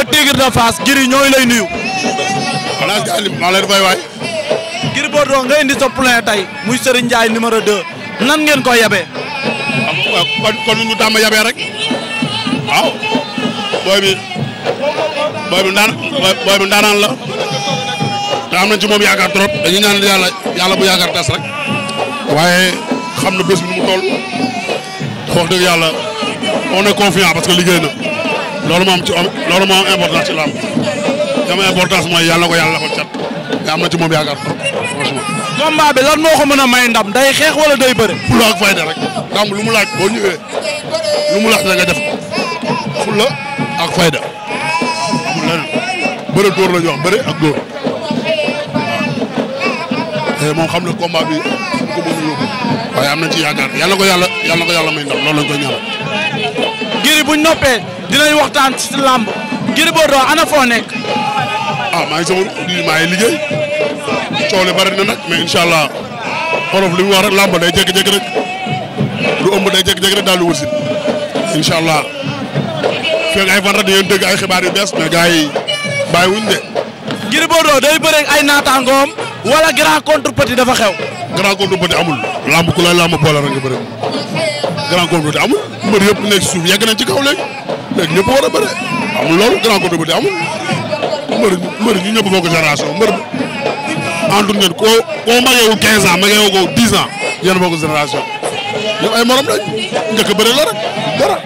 a tigre de Fass Gris ñooy lay nuyu. maanaam gars yi maa fay waay. Gris Bordeaux nga indi sa poulain tey muy Serigne Ndiaye numéro 2 nan ngeen ko yabee. kon kon ñu tàmm yabee rek waaw. booy bi booy bi ndaan ndaanaan la te am nañ ci moom yaakaar trop dañuy ñaan yàlla yàlla bu yaakaar tas rek waaye xam na bés bi nu mu toll wax dëgg yàlla on est parce que liggéey na. loolu moom ci loolu moo am importance ci lamb dama yàlla ko yàlla defal cat nga am na ci moom yaakaar franchement. combat bi lan moo mën a may ndam day xeex wala day bëre. fulla ak fayda rek ndam lu mu laaj boo ñëwee lu mu laaj nga def ko fulla ak fayda amul bëre dóor la ñu bëre ak dóor waaw eh, moom xam na combat bi ko mën a yóbbu waaye am na ci yaakaar yàlla ko yàlla yàlla ko yàlla may ndam loolu lañ koy ñaanal. buñ noppee dinañ waxtaan ci làmb Gris Bordeaux ana foo nekk. ah maa ngi sama maa ngi liggéey coow li na nag mais incha allah xolof li mu wax rek làmb day jékki-jékki rek ëmb day jékki-jékki rek daal di wërsi incha allah feeg ay fan rek di ngeen dégg ay xibaar yu bees mais gars yi bàyyi wuñ de. Gris Bordeaux day bëre ay naataangoom wala grand contre petit dafa xew. grand contre petit amul. làmb ku lay làmb boole rek nga bëri. grand contre amul mbër yëpp nekk suuf yegg nañ ci kaw léegi léegi ñëpp war a bëre amul loolu grand contre amul mbër mbër ñu ñëpp bokk mbër antu ngeen koo koo mageewul 15 ans mageewul ko 10 ans yéen bokk génération ay morom lañ njëkk a bëri la rek dara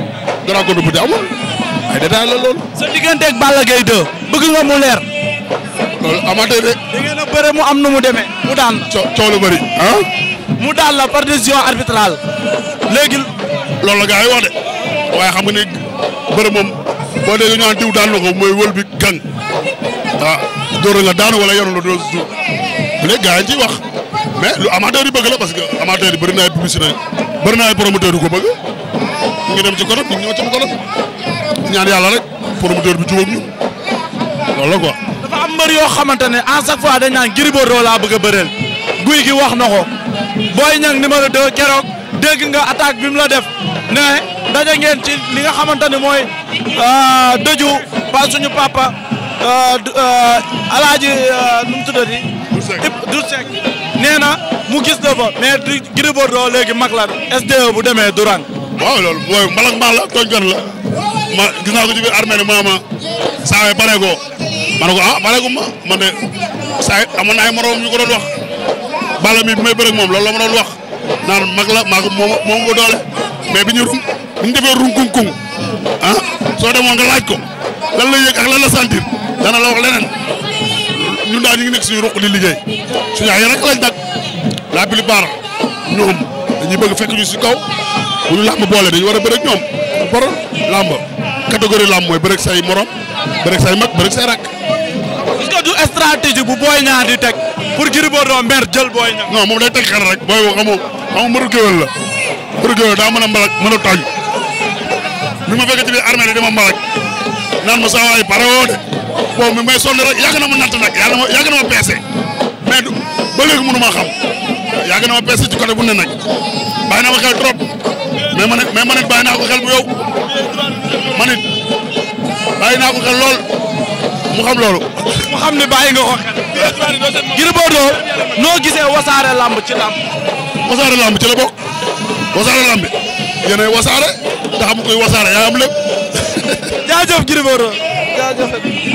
grand contre amul ay détail la loolu. sa diggante ak Balla Gaye 2 bëgg nga mu leer. loolu amaatee de. da ngeen a bëre mu am nu mu demee mu daan. co coow lu ah? mu daal la par décision arbitrale léegi. loolu la gars yi wax de waaye xam nga ni bëri moom boo déggee ñu naan diw daan na mooy wël bi gang ah dóor nga daan wala yoroon la doo suuf léegi gars yi ciy wax mais lu amateur yi bëgg la parce que amateur yi bëri na ay publicité bëri na ay promoteur yu ko bëgg ngi dem ci konam ñu ñëw ci konam ñaan yàlla rek promoteur bi jubóog ñu loolu la dafa am mbër yoo xamante ne à chaque fois dañ naan Gris Bordeaux laa bëgg a bëreel guy gi wax na ko Boy Niang numéro 2 keroog dégg nga attaque bi mu la def ne daje ngeen ci li nga xamante ne mooy euh, dëju pa suñu papa euh, euh, alaaji nu mu tuddati du sec nee na mu gis la fa mais di Gris Bordeaux léegi mag la SDE bu demee Duran. waaw loolu booy mbalak mbaal la tooñkat la ma gis naa ko ci biir armée ni maama saa waay pareegoo ma ko ah pareegu ma man de saa amoon na ay moroom ñu ko doon Balla mi bi may moom loolu la ma doon wax naan mag la maa moom moom ko doole mais bi ñu rum bi ñu defee rum kuŋ kuŋ ah soo demoon nga laaj ko lan la yëg ak lan la sentir dana la wax leneen ñun daal ñu ngi nekk suñu ruq di liggéey suñu ay rek lañ dag la plupart ñoom dañuy bëgg fekk ñu si kaw bu ñu làmb boole dañu war a bëre ak ñoom par làmb catégorie làmb mooy bëre say morom bëre say mag bëre ak say rakk. est-ce que bu booy ñaar di teg. pour Gris a mer jël Boy Niang. non moom day teg xel booy boo xamoo xamoo mbëru géwél la mbëru géwél daa mën a mbalak mën a tooñ mi ma fekk ci biir armée yi dama mbalak naan ma saa waay pare woo de boobu mi may sonn rek yàgg na ma natt nag yàgg na ma yàgg na ma peese mais du ba léegi mënu ma xam yàgg na ma peese ci côté bu ne nag bàyyi naa ko xel trop mais man it mais man it bàyyi naa ko xel bu yow man it bàyyi naa ko xel lool. mu xam loolu. mu xam ne bàyyi nga ko xel. Gris Bordeaux noo gisee wasaare lamb ci lamb. wasaare lamb ci la wasaare lamb yéen wasaare ndax am wasaare yaa am lépp. jaajëf Gris